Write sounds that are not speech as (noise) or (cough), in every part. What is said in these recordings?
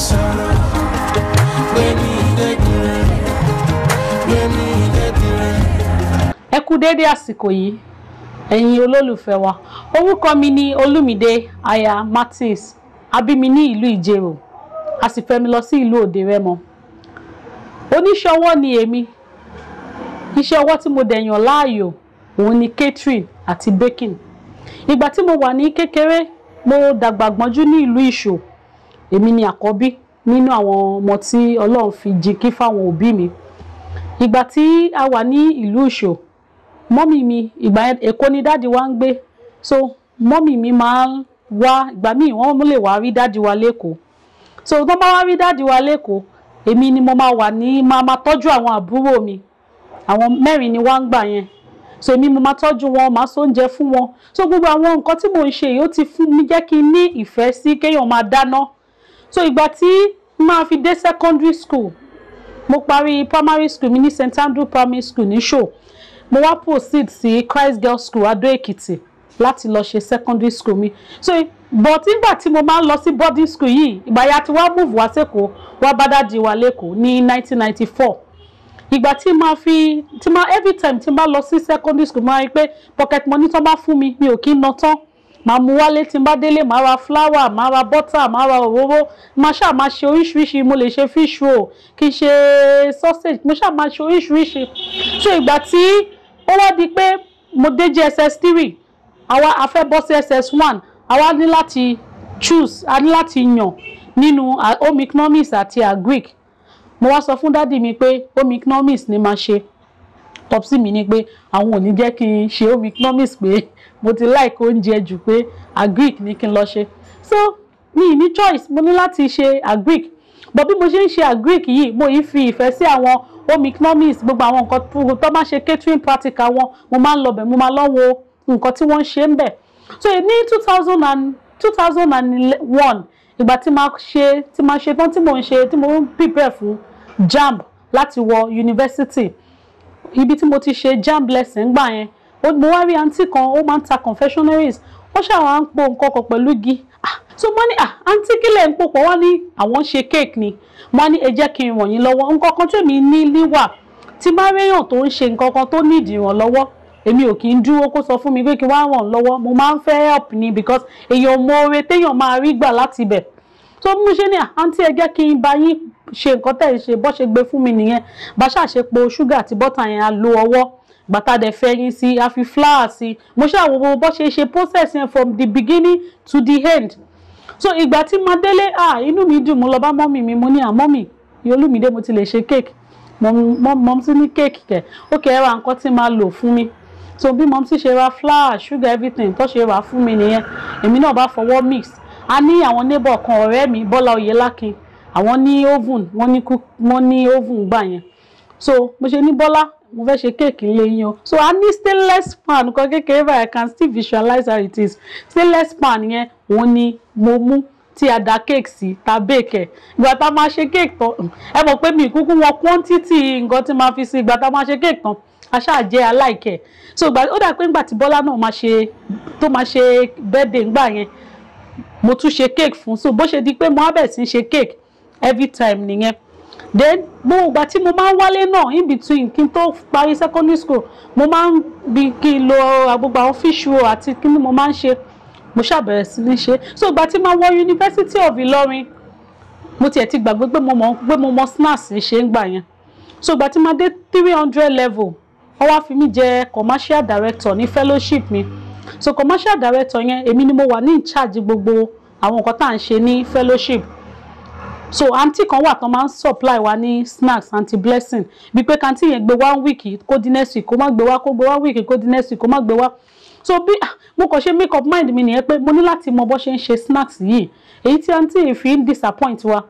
sorrow. When you get when you get Ẹ kú déédé àsìkò yìí ẹ̀yin olólùfẹ́ wa orúkọ mi ni Olúmídé aya Martins abimi ní ìlú Ìjerò a sì fẹ́ mi lọ sí ìlú Òde Rẹ́mọ oníṣọwọ́ ni èmi iṣẹ́ ọwọ́ tí mo dẹ̀yàn láàyò òun ni catering àti baking ìgbà tí mo wà ní kékeré mo dàgbà gbọ́njú ní ìlú Ìṣó èmi ni àkọ́bí nínú àwọn ọmọ tí ọlọ́run fi jinkí fáwọn òbí mi ìgbà tí a wà ní ìlú ìṣò mọ́mì mi ìgbà èkó ni dáàdi wa ń gbé so mọ́mì mi máa ń wá ìgbà míì wọ́n lè wá rí dáàdi wa lẹ́kọ̀ọ́ so tó bá wá rí dáàdi wa lẹ́kọ̀ọ́ èmi ni mo máa wà ní máa máa tọ́jú àwọn àbúrò mi àwọn mẹ́rin ni wá ń gbà yẹn so èmi mo máa tọ́jú wọn máa sóúnjẹ fún wọn so gbogbo àwọn nǹkan tí mò ń ṣe yìí ó ti fún mi jẹ́ kí n ní ìfẹ́ sí kéèyàn máa dáná so Igba ti máa fi dé secondary school mo parí primary school mi ní St Andrew primary school ni show mo wá proceed sí Christ Girls School Adó Èkìtì Lati lọ ṣe secondary school mi so but nígbà tí mo máa ń lọ boarding school yìí ìgbà ya ti wá move wá sẹ́kọ̀ọ́ wá bá dáàdi wa lẹ́kọ̀ọ́ ní 1994 ìgbà tí máa fi tí máa every time tí máa lọ sí secondary school máa rí pé pocket money tó bá fún mi mi ò kí ń ná tán màá mú wálé tí n bá délé màá ra fúláwà màá ra bọ́tà màá ra òróró màá ṣáà máa ṣe oríṣiríṣi mo lè ṣe fish roll kì í ṣe sausage mo ṣáà máa ṣe oríṣiríṣi so ìgbà tí ó wá di pé mo dé JSS three àwa a fẹ́ bọ́ sí SS one àwa ní láti choose a ní láti yàn nínú home economics àti agric mo wá sọ fún dádì mi pé home economics ni màá ṣe tọ́psì mi ni pé àwọn ò ní jẹ́ kí n ṣe home economics pé mo ti like oúnjẹ jù pé agric ni kí n lọ ṣe so mi ní choice mo ní láti ṣe agric but bí mo ṣe ń ṣe agric yìí mo yìí fi ìfẹ́ sí àwọn home economics gbogbo àwọn nǹkan tó máa ṣe catering practical wọn mo máa ń lọ bẹ̀ mo máa lọ wo nǹkan tí wọ́n ṣe ń bẹ̀ so ní two thousand and two thousand and one ìgbà tí máa ṣe tí máa ṣe tán tí mò ń ṣe tí mò ń prepare fún jamb láti wọ yunifásitì ibi tí mo ti ṣe jam blessing gbà yẹn mo wá rí àǹtí kan ó máa ń ta confectionaries wọ́n ṣàwọn à ń po nǹkan kan pẹ̀lú igi ah, so mo ní àǹtí ah, kílẹ̀ ń pòpọ̀ wọ́n ní àwọn ṣe kéèkì ni mo ní ẹ jẹ́ kí n ràn yín lọ́wọ́ nǹkan kan tèmi ní níwà tí bá réyàn tó ń ṣe nǹkan kan tó nídìí ìrànlọ́wọ́ èmi ò kì í dúró kó sọ fún mi pé kí n wá ràn lọ́wọ́ mo máa ń fẹ́ help ni because èèyàn mọ oore téèyàn máa rí gbà láti ibẹ̀ tó mú ṣe ní àǹtí ẹ jẹ́ kí n bá yín ṣe nǹkan tẹ̀ ń ṣe bọ́ ṣe gbé fún mi nìyẹn bá ṣàṣepo ṣúgà àti bọ́tà yẹn á lo ọwọ́ gbàtàdé fẹ̀yìn sí a fi flour sí mo ṣàwòwò bó ṣe ṣe process yẹn from the beginning to the end so ìgbà tí mo délé ah inú mi dùn mo lọ bá mọ́mì mi mo ní àmọ́mì Olúmídé mo ti lè ṣe kéèkì mọ́m ti ní kéèkì kẹ̀ ó kẹ́ ẹ ra nǹkan tí máa lò fún mi so bí mọ́m ti ṣe ra flour sugar everything tó ṣe rà fún mi nìyẹn èmi náà bá fọwọ́ mix a ní àwọn neighbor kan ọ̀rẹ́ mi Bọ́lá Oyèlákin àwọn ní oven wọ́n ní cook wọ́n ní oven gbà yẹn so mo ṣe ní Bọ́lá mo fẹ́ ṣe kéèkì ilé yín o so a ní stainless pan kan kékeré báyìí I can still visualize how it is stainless pan yẹn òun ni mo mú tí a da cake sí ta bake ẹ ìgbà tá a máa ṣe cake tán mm, ẹ mọ̀ pé mi kúkú wọn quantity nǹkan tí máa fi sí ìgbà tá a máa ṣe cake tán a aláìkẹ́ so ó dà pé ńgbà tí Bọ́lá náà máa ṣe tó máa ṣe birthday ńgbà yẹn mo tún ṣe cake fún so bó ṣe di pé mo á bẹ̀ sí ṣe cake every time nìyẹn then mo ìgbà tí mo máa ń wálé náà in between kí n tó parí secondary school mo máa ń bi kí n lo gbogbo àwọn fish àti kí ni mo máa ń ṣe mo ṣàbẹ̀rẹ̀ sí ní ṣe so ìgbà tí mo wọ University of Ìlọrin mo tiẹ̀ ti gbàgbé pé mo mọ̀ pé mo mọ̀ snacks ṣe ń gbà yẹn so ìgbà tí mo dé three hundred level wọ́n wá fi mí jẹ commercial director ní fellowship mi. Mm -hmm so commercial director yẹn èmi ni mo wà ní in charge gbogbo àwọn nǹkan tá à ń ṣe ní fellowship so aunty kan wà tán máa ń supply wa ní snacks aunty blessing bí pé kanti yẹn gbé one week kó di next week kó má gbé wá kó gbé one week kó di next week kó má gbé wá so bí ah, mo kàn ṣe make up mind mi nìyẹn pé mo ní láti mọ bó ṣe ń ṣe snacks yìí èyí tí aunty yìí fi ń disappoint wa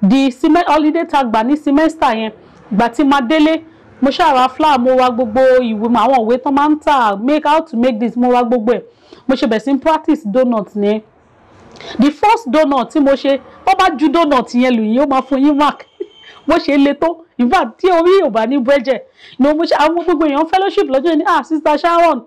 The holiday tá a gbà ní semester yẹn gbà tí máa délé mo ṣàrà flower mo wá gbogbo ìwé àwọn òwe tán máa ń tà make how to make this mo wá gbogbo ẹ̀ mo ṣe bẹ̀ sí practice donut yẹn the first donut tí mo ṣe wọ́n bá ju donut yẹn lù yín ó máa fún yín mark (laughs) bó ṣe le tó in fact tí orí ò bá ní bẹ́jẹ̀ ni mo ṣe àwọn gbogbo èèyàn fellowship lọ́jọ́ yìí ní ah sister Sharon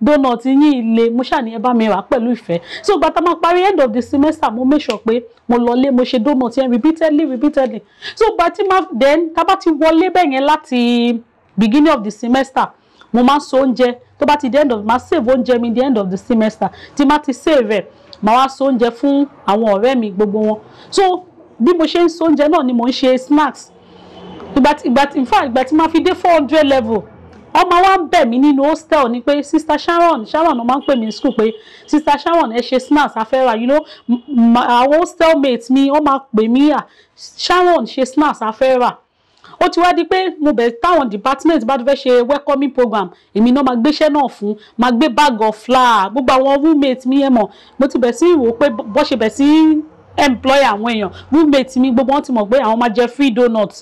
donut yín ilé mo ṣàníyẹ bá mi rà pẹ̀lú ìfẹ́ so ìgbà tá a máa end of the semester mo make sure pé mo lọlé mo ṣe donut yẹn repeatedly repeatedly so ìgbà tí ma then tá a bá ti wọlé bẹ́ẹ̀ yẹn láti beginning of the semester mo máa so oúnjẹ tó bá ti the end of ma save oúnjẹ mi the end of the semester tí ma ti save rẹ̀ màá wá so oúnjẹ fún àwọn ọ̀rẹ́ mi gbogbo wọn so bí mo ṣe so oúnjẹ náà ni mo ń snacks ìgbà tí ìgbà tí in fact ìgbà tí ma fi dé four level ọmọ wa ń bẹ̀ mí nínú hostel ni pé sister sharon sharon ọmọ ń pè mí school pé sister sharon ẹ ṣe snacks afẹ́ra you know àwọn hostel mate mi wọ́n máa pè mí à ah, sharon ṣe snacks afẹ́ra ó ti wá di pé mo bẹ̀rẹ̀ táwọn department bá ti fẹ́ ṣe welcoming program èmi náà máa gbéṣẹ́ náà fún máa gbé bag of flour gbogbo àwọn roommate mi ẹ̀ mọ̀ mo ti bẹ̀ sí ìwò pé bó ṣe bẹ̀ sí employer àwọn èèyàn roommate mi gbogbo wọn ti mọ̀ pé àwọn máa jẹ free donut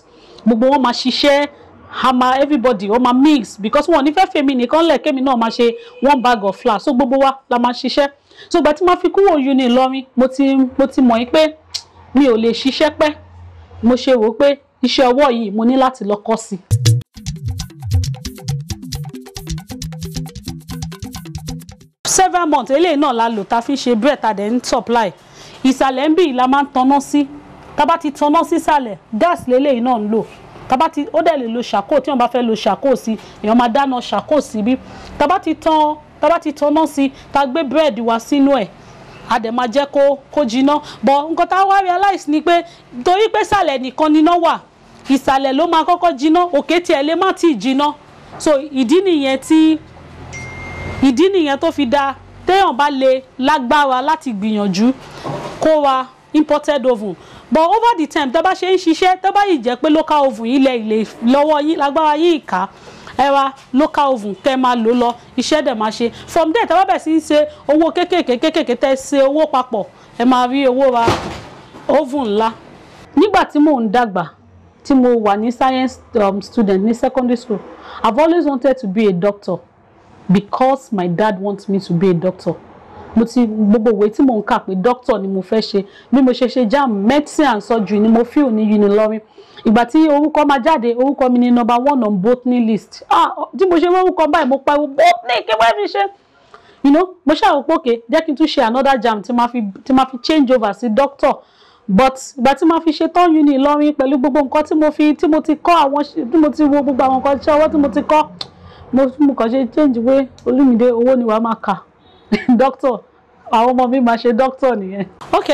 gbogbo wọn máa ṣiṣẹ́ hama everybody ó máa mix because wọn ò ní fẹ́ fèmí nìkan lẹ̀ kémi náà máa ṣe one bag of flour so gbogbo wa la máa ṣiṣẹ́ so gbà tí ma fi kúrò uni Ìlọrin mo ti mo ti mọ̀ yín pé mi ò lè ṣiṣẹ́ pẹ́ mo ṣe wò pé iṣẹ́ ọwọ́ yìí mo ni lati lọ kọ́ sí several months eléyìí náà la lo ta a fi ṣe bread tá a dẹ̀ supply ìsàlẹ̀ ń bì la máa ń tanná sí tá a bá ti tanná sí ìsàlẹ̀ gas lélẹ́yìí náà ń lò tábà ti ó dẹ̀ lè lo ṣàkó tí wọ́n bá fẹ́ lo ṣàkó sí èèyàn máa dáná ṣàkó sí bí tábà ti tán tábà ti tanná sí tá gbé búrẹ́dì wa sínú ẹ̀ a dẹ̀ máa jẹ́ kó kó jiná bọ̀ nǹkan tá a wá realize ni pé torí pé sàlẹ̀ nìkan níná wà ìsàlẹ̀ ló máa kọ́kọ́ jiná òkè tiẹ̀ lè má tíì jiná so ìdí nìyẹn tí ìdí nìyẹn tó fi dáa téèyàn bá lè lágbára láti gbìyànjú kó wa imported oven but over the time tó bá ṣe ń ṣiṣẹ́ tó bá yìí jẹ́ pé local oven yìí lẹ ilé lọ́wọ́ yín lágbára yín ìka ẹ wá local oven tẹ́ máa lò lọ iṣẹ́ dẹ̀ máa ṣe from there tẹ́ bá bẹ̀ sí í ṣe owó kéékèèké kéékèèké tẹ́ ṣe owó papọ̀ ẹ máa rí owó ra oven ńlá. nígbà tí mò ń dàgbà tí mo wà ní science um, student ní secondary school I've always wanted to be a doctor because my dad wants me to be a doctor mo ti gbogbo ìwé tí mo ń kà pé dókítà ni mo fẹ́ ṣe bí mo ṣe ṣe jam medicine and surgery ni mo feel ní Unilorin ìgbà tí orúkọ máa jáde orúkọ mi ni number one on botany list ah tí mo ṣe orúkọ báyìí mo pariwo botany kí wọ́n fi ṣe you know mo ṣàrò pé òkè jẹ́ kí n tún ṣe another jam tí máa fi tí máa fi change over sí doctor but ìgbà tí máa fi ṣetán Unilorin pẹ̀lú gbogbo nǹkan tí mo fi tí mo ti kọ́ àwọn tí mo ti wo gbogbo àwọn nǹkan iṣẹ́ ọwọ́ tí mo ti kọ́ mo mo kàn ṣe change way Olúmídé owó ni wàá máa kà (laughs) doctor àwọn ọmọ mi máa ṣe doctor nìyẹn. ok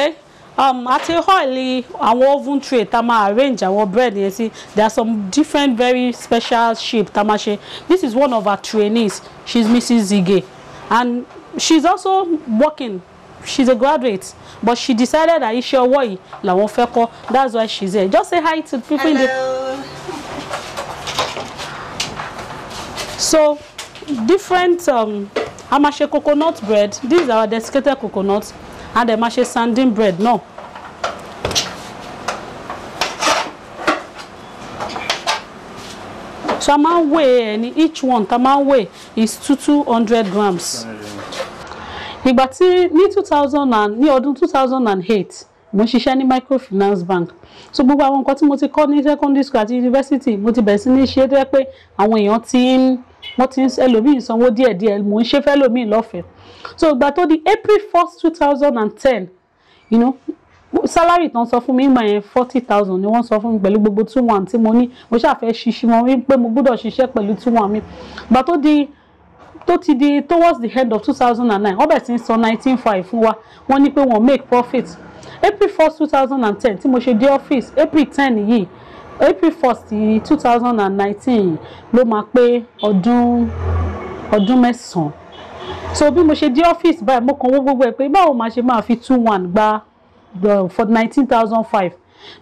um, àti oil àwọn oven tray tá a máa arrange àwọn bread yẹn sí there are some different very special shape tá a máa ṣe this is one of our trainees she is mrs zige and she is also working she is a graduate but she decided that iṣẹ́ ọwọ́ yìí làwọn fẹ́ kọ́ that's why she is here just say hi to people Hello. in the so different. Um, a máa ṣe coconut bread this is our desiccated coconut and a máa ṣe sanding bread náà. No. so a máa ń wé ẹ each one ta máa ń wé is two two hundred grams. ìgbà tí ní two thousand and ní ọdún two thousand and eight mo ń ṣiṣẹ́ ní microfinance bank so gbogbo àwọn nǹkan tí mo ti kọ́ ní secondary school àti university mo ti bẹ̀rẹ̀ sí ní ṣe é tó yẹ pé àwọn èèyàn ti ń wọ́n ti ń ẹlòmíì sanwó díẹ̀díẹ̀ mò ń ṣe fẹ́ lòmíì lọ́fẹ̀ẹ́ so ìgbà tó di April first two thousand and ten you know salary tán sọ fún mi ìgbà yẹn forty thousand ni wọ́n sọ fún mi pẹ̀lú gbogbo two one tí mo ní mo ṣàfẹ́ ṣiṣẹ́ wọn wípé mo gbọ́dọ̀ ṣiṣẹ́ pẹ̀lú two one mi ìgbà tó di tó ti di towards the end of two thousand and nine wọ́n bẹ̀rẹ̀ sí ń san nineteen five fún wa wọ́n ní pé wọ́n make profit April first two thousand and ten tí mo ṣe dé office April ten yìí april first two thousand and nineteen ló máa pé ọdún ọdún mẹ́sàn-án so bí mo ṣe dé ọ́fíìsì báyìí mo kàn wó gbogbo ẹ̀ pé báwo máa ṣe máa fi two one gba um, for nineteen thousand five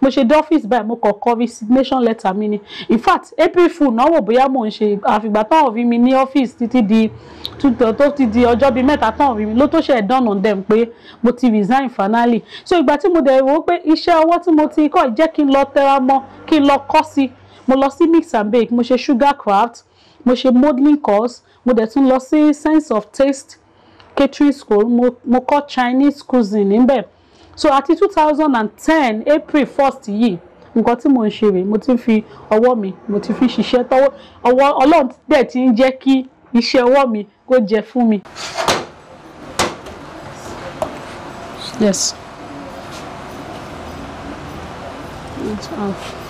mo ṣe dọ́fíìsì báyìí mo kọ̀ kọ́ resignation letter mi ni in fact april fool náà wò bóyá mò ń ṣe àfìgbà táwọn òbí mi ní ọ́fíìsì títí di tó ti di ọjọ́ bíi mẹ́ta táwọn òbí mi ló tó ṣe dawn on them pé mo ti resign finally so ìgbà tí mo dẹ̀ wò ó pé iṣẹ́ ọwọ́ tí mo ti kọ́ jẹ́ kí n lọ tẹra mọ́ kí n lọ kọ́ sí mo lọ sí mix and bake mo ṣe sugar craft mo ṣe modeling course mo dẹ̀ tún lọ sí sense of taste catering school mo, mo kọ́ Chinese cuisine níbẹ̀ so àti two thousand and ten april first yìí nǹkan tí mo ń ṣe rèé mo ti fi ọwọ́ mi mo ti fi ṣiṣẹ́ tọwọ́ ọwọ́ ọlọ́run dẹ̀ ti ń jẹ́ kí iṣẹ́ ọwọ́ mi kó jẹ fún mi. yes. It's off.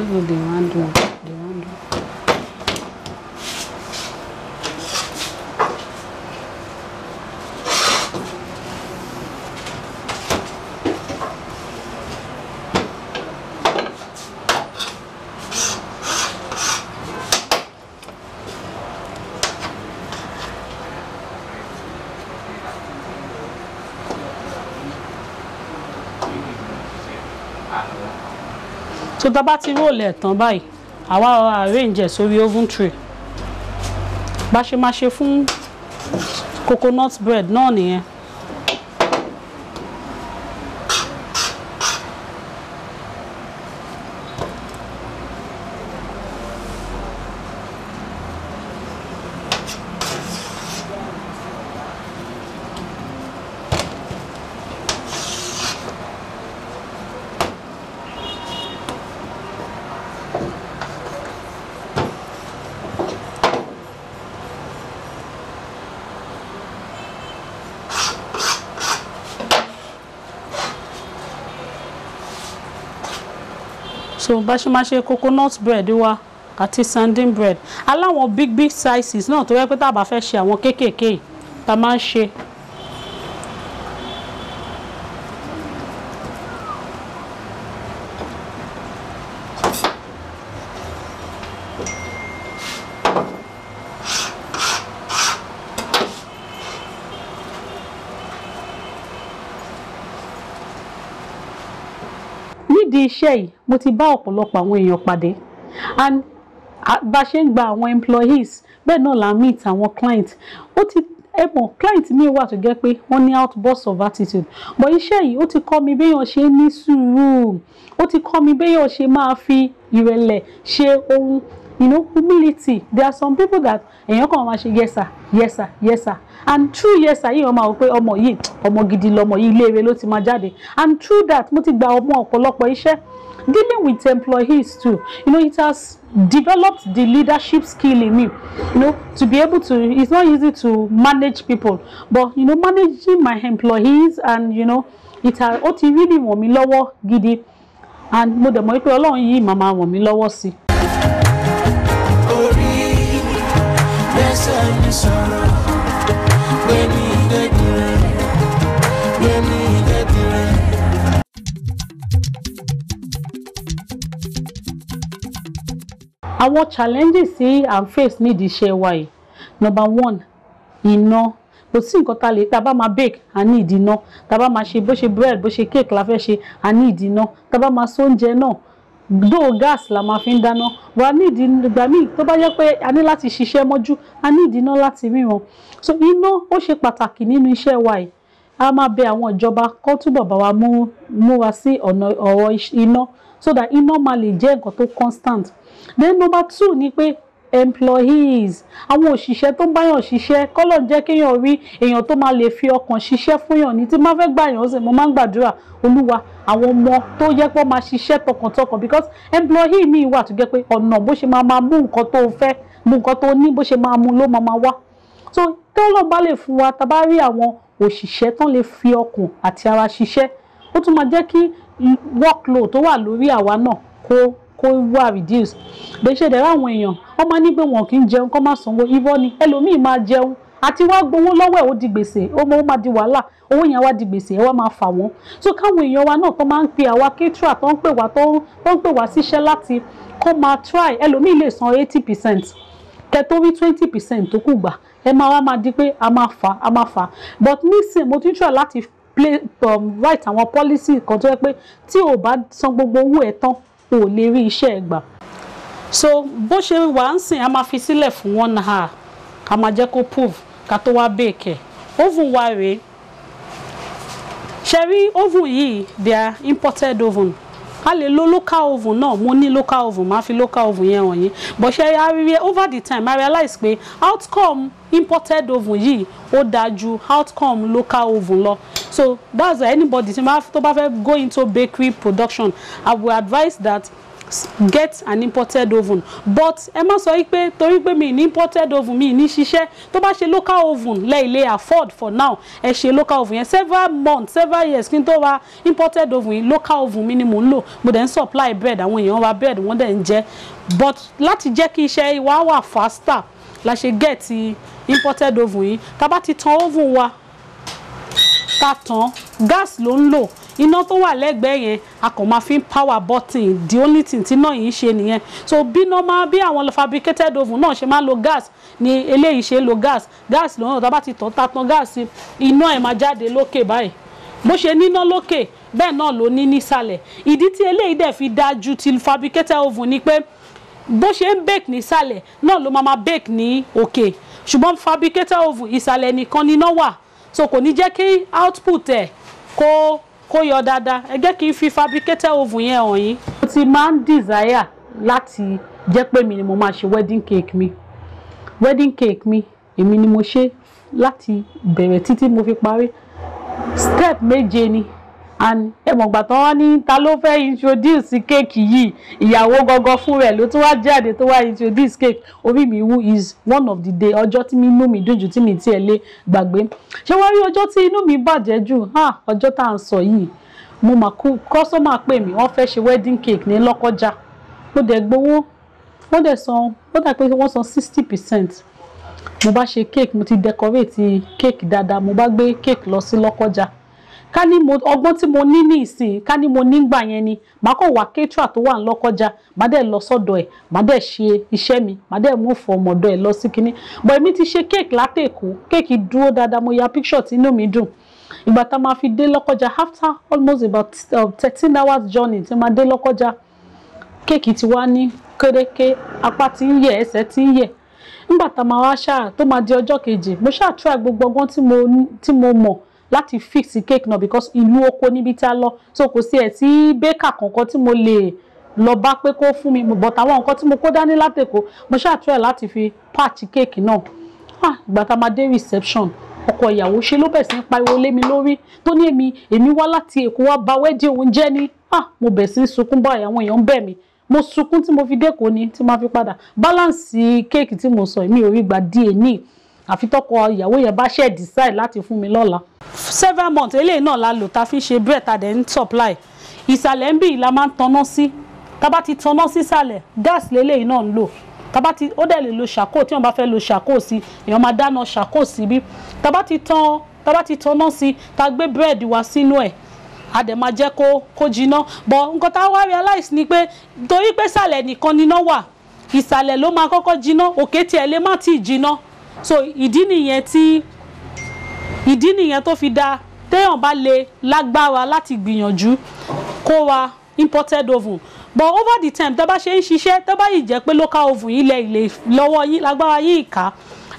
people they want to tá a bá ti róòlù ẹ̀ tán báyìí àwa ọ̀rọ̀ arrange ẹ̀ sórí oven tray bá ṣe máa ṣe fún coconut bread náà nìyẹn so bá ṣe máa ṣe coconut bread wa àti sanding bread aláwọn big big sizes náà tó yẹ pé tá a bá fẹ́ ṣe àwọn kéékèèké tá a máa ń ṣe iṣẹ́ yìí mo ti bá ọ̀pọ̀lọpọ̀ àwọn èèyàn pàdé and bá a ṣe ń gba àwọn employees bẹ́ẹ̀ náà là ń meet àwọn client ó ti ẹ mọ̀ client mi wà tó jẹ́ pé wọ́n ní outburst of attitude but iṣẹ́ yìí ó ti kọ́ mi béèyàn ṣe ní sùúrù ó ti kọ́ mi béèyàn ṣe máa fi ìrẹ̀lẹ̀ ṣe ohun you know humility there are some people that èèyàn kàn máa ṣe yes sir yes sir yes sir and through yes sir yìí wọ́n máa wọ pé ọmọ yìí ọmọ gidi lomo, yìí iléèwé ló ti máa jáde and through that mo ti gba ọmọ ọ̀pọ̀lọpọ̀ iṣẹ́ dealing with employees too you know it has developed the leadership skill in me you know to be able to it's not easy to manage people but you know managing my employees and you know it has ó ti really wọ̀n mí lọ́wọ́ gidi and mo dẹ̀ mọ̀ pé ọlọ́run yìí màmá wọ̀n mí lọ́wọ́ sí sẹ́yìn sọ̀rọ̀ pé mi ìdẹ́gun challenges tí à face me iṣẹ́ wa why. number one iná kò sí nǹkan tá a lè tá a bake I need ìdí iná tá my bá máa ṣe bread bó ṣe cake la I need a ní ìdí my son a dóò gas la máa fi ń dáná wà nídìí ìgbà míì tó bá jẹ́ pé a ní láti ṣiṣẹ́ mọ́jú a ní ìdíná láti ríran so iná ó ṣe pàtàkì nínú iṣẹ́ wa yìí a máa bẹ àwọn ìjọba kó túbọ̀ bá wa mú wa sí ọ̀nà ọ̀rọ̀ iná so that iná máa lè jẹ́ nǹkan tó constant then number two ni pé employees àwọn òṣìṣẹ́ tó báyàn ṣiṣẹ́ kọ́lọ̀ jẹ́ kéèyàn rí èèyàn tó máa lè fi ọkàn ṣiṣẹ́ fúnyàn ní tí má fẹ́ gbà yàn ó sì mo máa ń gbàdúrà olúwa àwọn ọmọ tó yẹ pé máa ṣiṣẹ́ tọkàntọkàn because employee mi wà tó jẹ́ pé ọ̀nà bó ṣe máa máa mú nǹkan tó fẹ́ mú nǹkan tó ní bó ṣe máa mú ló máa máa wá so tọ́lọ̀ bá lè fún wa tá bá rí àwọn òṣìṣẹ́ tán lè fi ọkàn àti ara ṣiṣẹ́ ó tún máa jẹ́ kí workload tó wà lórí àwa náà kó kó wà reduce bẹ́ẹ̀ ṣe dẹ̀rọ àwọn èèyàn wọ́n máa ní pé wọn kì í jẹun kọ́ máa sanwó irọ́ ni ẹlòmíì máa jẹun àti wá gbowó lọ́wọ́ ẹ̀ ó di gbèsè ó máa di wàhálà owó yẹn wá di gbèsè ẹ wá máa fà wọ́n so káwọn èèyàn wa náà tó máa ń pe àwa caterer tó ń pè wá tó ń pè wá síṣẹ́ láti kó máa try ẹlòmíì lè san eighty percent kẹtó rí twenty percent tó kù gbà ẹ máa wá máa di pé a máa fà a máa fà but nísìn mo ti ń try láti play um, write àwọn policy kan tó yẹ pé tí o bá san gbogbo owó ẹ tán o ò lè rí iṣẹ́ ẹ̀ gbà so bó ṣe wà ń sìn a máa fi sílẹ̀ fún wọn hour a máa jẹ́ kó prove ká tó wá bake oven wa rèé ṣe rí oven yìí they are imported oven a lè lo local oven náà mo ní local oven máa fi local oven yẹn hàn yín but ṣe a rí over the time I realize pé outcome imported oven yìí ó dáa ju outcome local oven lọ so that's why anybody tó bá fẹ́ go into bakery production I will advise that get an imported oven but ẹ má sọ wípé torí pé mi ní imported oven mi ní ṣiṣẹ́ tó bá ṣe local oven lẹ́ ilé afford for now ẹ ṣe local oven yẹn several months several years kí n tó ra imported oven yìí local oven mi ni mò ń lò mo dẹ̀ ń supply bread àwọn èèyàn wa bread wọ́n dẹ̀ ń jẹ but láti jẹ́ kí iṣẹ́ wa wà faster la ṣe get imported oven yìí tá bá ti tan oven wa ká tán gas ló ń lò iná tó wà lẹ́gbẹ̀ẹ́ yẹn a kàn máa fi ń power button the only thing tí náà yìí ṣe nìyẹn so bí normal bí àwọn fabricated oven náà ṣe máa lo gas ni eléyìí ṣe ń lo gas gas lọ́nà tá bá ti tàn tá a tan gas iná ẹ̀ máa jáde lókè báyìí bó ṣe níná lókè bẹ́ẹ̀ náà ló ní nísàlẹ̀ ìdí tí eléyìí dẹ̀ fi dáa ju ti fabricated oven ni pé bó ṣe ń bake nísàlẹ̀ náà ló máa máa bake ní òkè ṣùgbọ́n fabricated oven ìsàlẹ̀ nìkan níná wà so kò ní jẹ́ kí output ẹ̀ kó kó yọ dáadáa ẹ jẹ́ kí n fi fabricated oven yẹn hàn yín. mo ti máa ń desire láti jẹ́ pé mi ni mo máa ṣe wedding cake mi wedding cake mi èmi ni mo ṣe láti bẹ̀rẹ̀ títí mo fi parí step méje ni and ẹmọ̀gbà tán wá ní ta ló fẹ́ introduce cake yìí ìyàwó gangan fún rẹ̀ ló tún wá jáde tó wá introduce cake orí mi wú is one of the day ọjọ́ tí mi inú mi dùn jù tí mi tiẹ̀ lé gbàgbé ṣé wá rí ọjọ́ tí inú mi bàjẹ́ jù ọjọ́ tá à ń sọ yìí mo mà kú kọ́sọ́mà pè mí wọ́n fẹ́ ṣe wedding cake ní Lọ́kọ́jà mo dẹ̀ gbowó wọ́n dẹ̀ san wọ́n dà pé wọ́n san sixty percent mo bá ṣe cake mo ti decorate cake dáadáa mo bá gbé cake lọ sí Lọ́kọ́jà ka ni mo ogbon ti mo ni ni ìsìn ka ni mo nígbà yen ni màá kàn wá kétra tó wà ńlọ́kọjá màá dẹ̀ lọ e ẹ̀ màá dẹ̀ se ise mi màá dẹ̀ mú fo ọmọdọ̀ e lo sí kinní bọ̀ ti ṣe dúró dada mo ya picture ti no mi dun fi dé lokoja after almost about 13 uh, hours journey ti ma dé lokoja kéèkì ti wá ní kéréké apá ti ń yẹ ti ń yẹ di mo try gbogbo láti fix cake náà because ìlú oko níbi tá a lọ so kò sí ẹ̀ tí baker kankan tí mo lè lọ bá pé kó fún mi but àwọn nǹkan tí mo kó dání látẹ̀kọ́ mo ṣàtúrẹ̀ láti fi patch cake náà ah ìgbà tá a máa dé reception ọkọ ìyàwó ṣe ló bẹ̀ sí ń pariwo lé mi lórí tó ní èmi èmi wá láti èkó wá ba wẹ́dí òun jẹ́ ni ah mo bẹ̀ sí ń sunkún báyìí àwọn èèyàn ń bẹ̀ mí mo sunkún tí mo fi dẹ́kọ̀ọ́ ni tí mo fi padà báláǹsì kéèkì tí mo sọ èmi ò rí gbà díẹ̀ níì àfi tọkọ ìyàwó yẹn bá ṣe decide láti fún mi lọ́la. seven months eléyìí náà la lò tá a fi ṣe bread tá a dẹ̀ ń supply ìsàlẹ̀ ń bì la máa ń tanná sí tá a bá ti tanná sísàlẹ̀ gas lélẹ́yìí náà ń lò tàbá ti ó dẹ̀ lè lo ṣàkó tí wọ́n bá fẹ́ lo ṣàkó sí èèyàn máa dáná ṣàkó sí bí tàbá ti tan tàbá ti tanná sí ta gbé búrẹ́dì wá sínú ẹ̀ a dẹ̀ máa jẹ́ kó kó jiná bọ̀ nǹkan tá a wá realize ni pé torí pé ìsàlẹ̀ nìkan níná wà ìsàlẹ̀ ló máa kọ́kọ́ jiná òkè tiẹ̀ lè má tíì jiná so ìdí nìyẹn tí ìdí nìyẹn tó fi dáa téèyàn bá lè lágbára láti gbìyànjú kó wa imported oven but over the time tẹ́ bá ṣe ń ṣiṣẹ́ tẹ́ bá yìí jẹ́ pé local oven yìí lẹ̀ ilé lọ́wọ́ yín lágbára yín ìka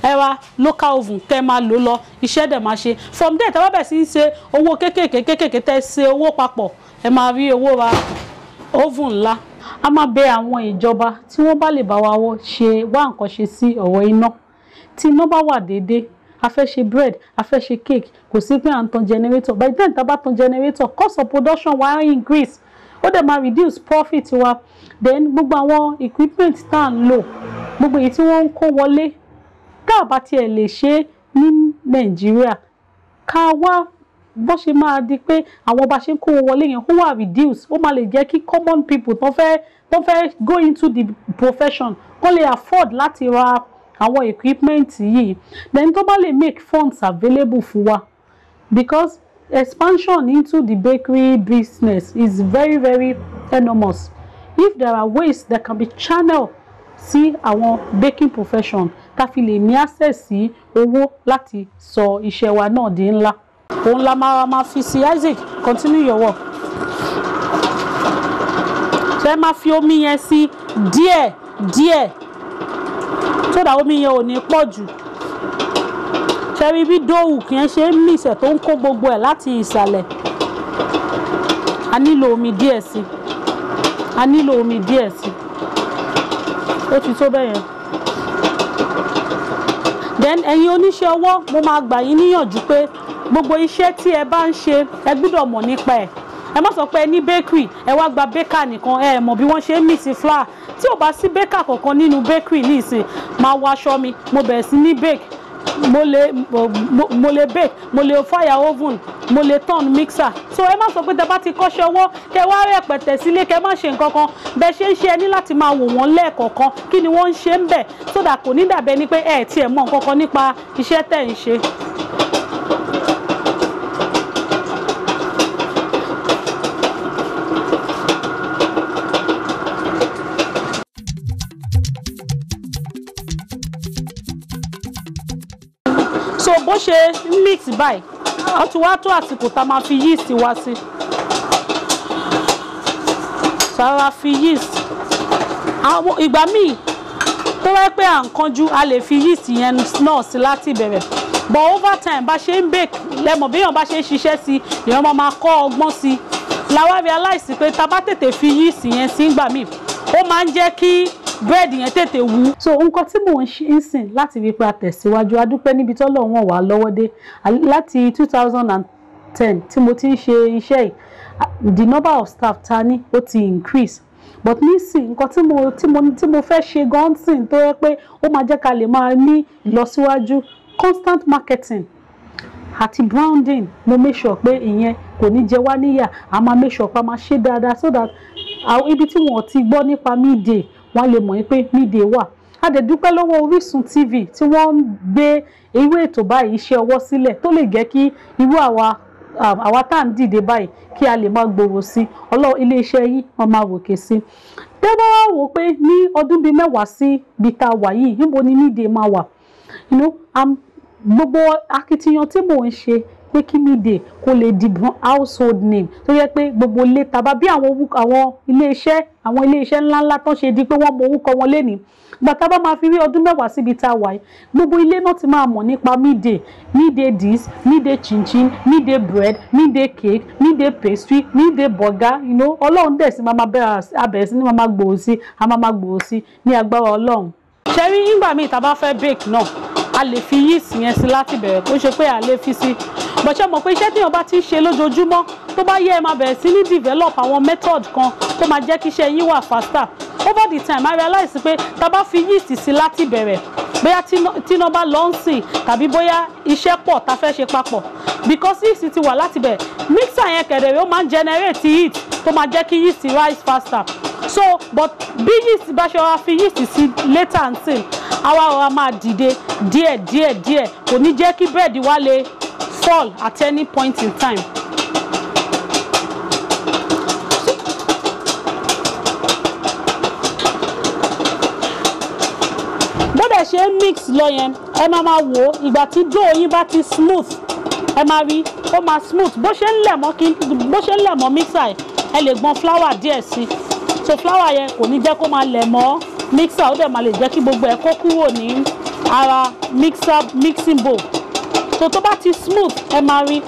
ẹ local oven kẹ́ máa lò lọ iṣẹ́ dẹ̀ máa ṣe from there tẹ́ bá bẹ̀ sí ń ṣe owó kéékèèké kéékèèké tẹ́ ṣe owó papọ̀ ẹ máa rí owó ra oven ńlá a máa bẹ àwọn ìjọba tí wọ́n bá lè bá wa wọ́ ṣe wá nǹkan ṣe sí ọ̀rọ̀ iná tí iná bá wà déédéé a fẹ́ ṣe bread a fẹ́ ṣe cake kò sí pé à ń tan generator by then tá a bá tan generator cost of production wa increase ó dẹ̀ máa reduce profit wa then gbogbo àwọn equipment tá à ń lò gbogbo èyí tí wọ́n ń kó wọlé tá a bá tiẹ̀ lè ṣe é ní nàìjíríà ká wá bó ṣe máa di pé àwọn bá ṣe ń kó wọlé yẹn ó wà reduce ó máa lè jẹ́ kí common people tó fẹ́ tó fẹ́ go into the profession kó lè afford láti ra àwọn equipment yìí then tó bá lè make funds available fún wa because expansion into the bakery business is very very enormous if there are ways that can be channel, sí àwọn baking profession ká fi lè ní access sí owó láti sọ iṣẹ́ wa náà di ńlá òun la máa máa fi sí Isaac continue your work ṣe máa fi omi yẹn sí díẹ̀ díẹ̀ sódà omi yẹn ò ní pọ̀ jù ṣẹ́rí bí dóòwù kì í ṣe ń mìṣẹ̀ tó ń kó gbogbo ẹ̀ láti ìsàlẹ̀ a nílò omi díẹ̀ sí a nílò omi díẹ̀ sí ó ti tó bẹ́ẹ̀ yẹn then ẹ̀yin oníṣẹ́ ọwọ́ mo máa gbà yín níyànjú pé gbogbo iṣẹ́ tí ẹ bá ń ṣe ẹ gbúdọ̀ mọ̀ nípa ẹ̀ ẹ má sọ pé ẹ ní bakery ẹ wá gba baker nìkan ẹ mọ̀ bí wọ́n ṣe ń mìsí flour tí ò bá sí bẹ́kà kankan nínú bakery nísìn máa wọ mi mo bẹ̀rẹ̀ sí ní bake mo lè mo lè bake mo lè fire oven mo lè turn mixer so ẹ má sọ pé tẹ bá ti kọ́ṣẹ́ ọwọ́ kẹ wá rẹ̀ pẹ̀tẹ̀ sílé kẹ má ṣe nǹkan kan bẹ ṣe ń ṣe ẹ ní láti máa wò wọ́n lẹ́ẹ̀kọ̀ọ̀kan kí ni wọ́n ń ṣe ń bẹ̀ sódà kò ní dàbẹ́ ni pé ẹ tiẹ̀ mọ̀ nǹkan kan nípa iṣẹ́ tẹ̀ ń ṣe ṣe mix báyìí wọ́n ti wá tó àsìkò tá a máa fi yeast wá sí sára fi yeast àwọn ìgbà míì tó wáyé pé à ń kánjú a lè fi yeast yẹn náà sí láti ìbẹ̀rẹ̀ but over time bá ṣe ń bake lẹ́mọ̀ béèyàn bá ṣe ń ṣiṣẹ́ sí èèyàn máa máa kọ́ ọgbọ́n sí làwa realize pé tá a bá tètè fi yeast yẹn sí ìgbà míì ó máa ń jẹ́ kí búrẹ́dì yẹn tètè wú. so nǹkan tí mò ń ṣe ń sìn láti fi pa tẹ̀síwájú adúpẹ́ níbi tọ́lọ̀ wọn wà lọ́wọ́ dé láti two thousand and ten tí mo ti ń ṣe iṣẹ́ yìí the number of staff ta ní ó ti increase but nísìn nǹkan tí mo tí mo tí mo fẹ́ ṣe gan sìn tó yẹ pé ó máa jẹ́ ká lè máa ní ìlọsíwájú constant marketing àti branding mo make sure pé ìyẹn kò ní jẹ wá níyà a máa make sure pé a máa ṣe dáadáa so that ibi tí wọn ò ti gbọ́ nípa mi dé wọ́n lè mọ̀ pé mídìí wà a dẹ̀ dúpẹ́ lọ́wọ́ Orísun TV tí wọ́n ń gbé irú ètò báyìí iṣẹ́ ọwọ́ sílẹ̀ tó lè jẹ́ kí irú àwa àwa tá à ń dìde báyìí kí a lè máa gbòòrò sí ọlọ́run iléeṣẹ́ yìí wọ́n máa wòkè sí. tẹ́lẹ̀ wá wò pé ní ọdún bíi mẹ́wàá sí bíi ta wà yìí níbo ni nídìí máa wà. gbogbo akitiyan tí mò ń ṣe Waking Me Day kó lè di household name tó yẹ pé gbogbo ilé tàbá bí àwọn ilé-iṣẹ́ àwọn ilé-iṣẹ́ ńláńlá tó ṣe di pé wọ́n mọ orúkọ wọn lénìí gbàtà bá máa fi rí ọdún mẹ́wàá síbi tá a wà yìí gbogbo ilé náà ti máa mọ̀ nípa midday midday dis midday chinchin midday bread midday cake midday pastry midday burger you know ọlọ́run dẹ̀ sí máa bẹ̀rẹ̀ sí ní máa gbòó sí a máa gbòó sí ní agbára ọlọ́run. ṣẹ́rí nígbà míì tá a bá fẹ́ bake náà a lè fi yeast yẹn sí láti bẹ̀rẹ̀ kó ṣe pé a lè fi sí bọ̀ṣẹ́ mọ̀ pé iṣẹ́ téèyàn bá ti ń ṣe lójoojúmọ́ tó bá yẹ ẹ máa bẹ̀rẹ̀ sí ní develop àwọn method kan tó máa jẹ́ kí iṣẹ́ yín wà faster over the time I realize pé tá a bá fi yeast sí láti bẹ̀rẹ̀ bóyá tíná bá lọ ń sìn tàbí bóyá iṣẹ́ pọ̀ tá fẹ́ ṣe papọ̀ because yeast ti wà láti bẹ̀rẹ̀ mixer yẹn kẹ̀dẹ̀rẹ̀ ó máa ń generate heat tó máa jẹ́ kí yeast rise faster so but bí yeast bá ṣe wá fi yeast sí later and sin àwa ọ̀rọ̀ máa dìde díẹ̀ díẹ̀ díẹ̀ kò ní jẹ́ kí bẹ́ẹ̀dì wá le call at any point in time. bó dẹ̀ ṣe mix lọ yẹn ẹ máa máa wò ó ìgbà tí dóò yín bá ti smooth ẹ máa rí ó máa smooth bó ṣe ń lẹ̀ mọ́ kí bó ṣe ń lẹ̀ mọ́ mixer ẹ̀ ẹ lè gbọ́n flour díẹ̀ sí i so flour yẹn kò ní jẹ́ kó máa lẹ̀ mọ́ mixer ó dẹ̀ máa lè jẹ́ kí gbogbo ẹ̀ kó kúrò ní ara mixer mixing bowl so tó bá ti smooth ẹ máa rí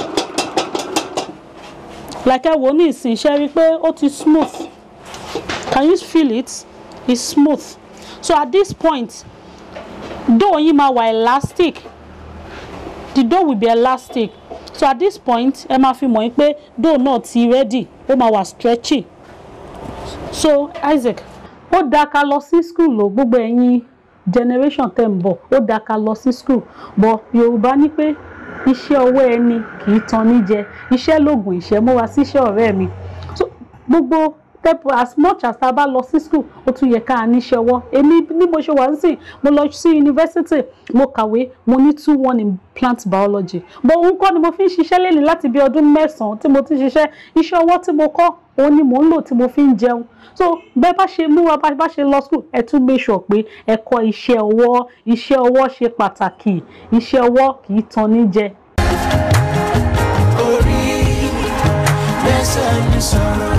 like ẹ wò ní ìsìn ṣe rí pé ó ti smooth can you feel it it's smooth so at this point dough yìí máa wà elastic the dough will be elastic so at this point ẹ máa fi mọ̀ pé dough náà ti ready ó máa wà stretchy so Isaac ó dáa ká lọ sí school o gbogbo ẹ̀yin generation tẹ̀ ń bọ̀ ó dáa ká lọ sí school bọ̀ yorùbá ní pé iṣẹ́ ọwọ́ ẹni kì í tan ní jẹ iṣẹ́ lóògùn ìṣẹ́ mo wá síṣẹ́ ọ̀rẹ́ mi gbogbo as much as a bá lọ sí school ó tún yẹ ká níṣẹ́ ọwọ́ èmi ní mo ṣe wà ń sìn mo lọ sí yunifásitì mo kàwé mo ní two one in plant biology bọ̀ òun kọ́ ni mo fi ń ṣiṣẹ́ lẹ́nu láti bí ọdún mẹ́sàn-án tí mo ti ṣiṣẹ́ iṣẹ́ ọwọ́ tí mo kọ́ òun ni mò ń lò tí mo fi ń jẹun so bẹ́ẹ̀ bá ṣe múra bá ṣe lọ school ẹ tún make sure pé ẹ kọ́ iṣẹ́ ọwọ́ iṣẹ́ ọwọ́ ṣe pàtàkì iṣẹ́ ọwọ́ kì í tan ní jẹ. orí mẹ́sàn mi sọ̀rọ̀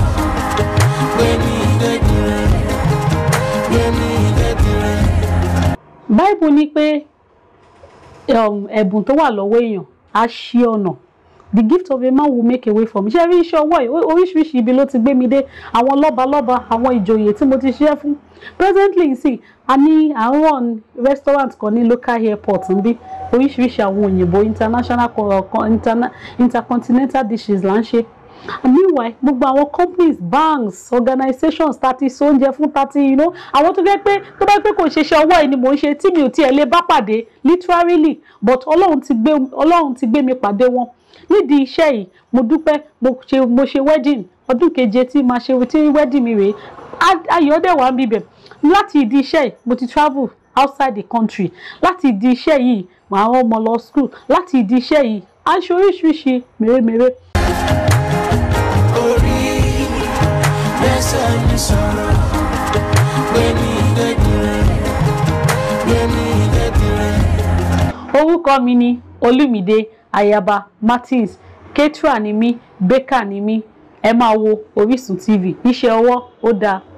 pé mi ìdẹ́gbẹ̀rẹ̀ pé mi ìdẹ́gbẹ̀rẹ̀. báìbù ní pé ẹ̀bùn tó wà lọ́wọ́ èèyàn á ṣí ọ̀nà the gift of a man will make a way for me ṣé rí iṣẹ́ ọwọ́ yìí oríṣiríṣi ibi ló ti gbé mi dé àwọn lọ́balọ́ba àwọn ìjòyè tí mo ti ṣiṣẹ́ fún presently sí a ní àwọn restaurant kan ní local airport ń bí oríṣiríṣi àwọn òyìnbó international intercontinental dishes là ń ṣe meanwhile gbogbo àwọn companies banks organizations tati sóúnjẹ fún tati you know àwọn tó fẹ́ pé tó bá pé kò ṣe ṣe ọwọ́ ẹ̀ ni mò ń ṣe tí mi ò tiẹ̀ lè bá pàdé literally but ọlọ́run ti gbé ọlọ́run ti gbé mi pàdé wọn nídìí iṣẹ́ yìí mo dúpẹ́ mo ṣe wedding ọdún keje tí màá ṣe tí wedding mi rèé ayọ̀ dẹ̀ wá ń bíbẹ̀ láti ìdí iṣẹ́ yìí mo ti travel outside the country láti ìdí iṣẹ́ yìí màá rán ọmọ lọ school láti ìdí iṣẹ́ yìí aṣọ oríṣiríṣi mèremère. orí mẹ́sẹ̀ mi sọ̀rọ̀ pé mi dẹ́gbẹ̀rẹ̀ pé mi dẹ́gbẹ̀rẹ̀. orúkọ mi ni Olúmídé ayaba martins ketura ni mí baker ni mí ẹ máa wo Orísun TV iṣẹ́ ọwọ́ ó dáa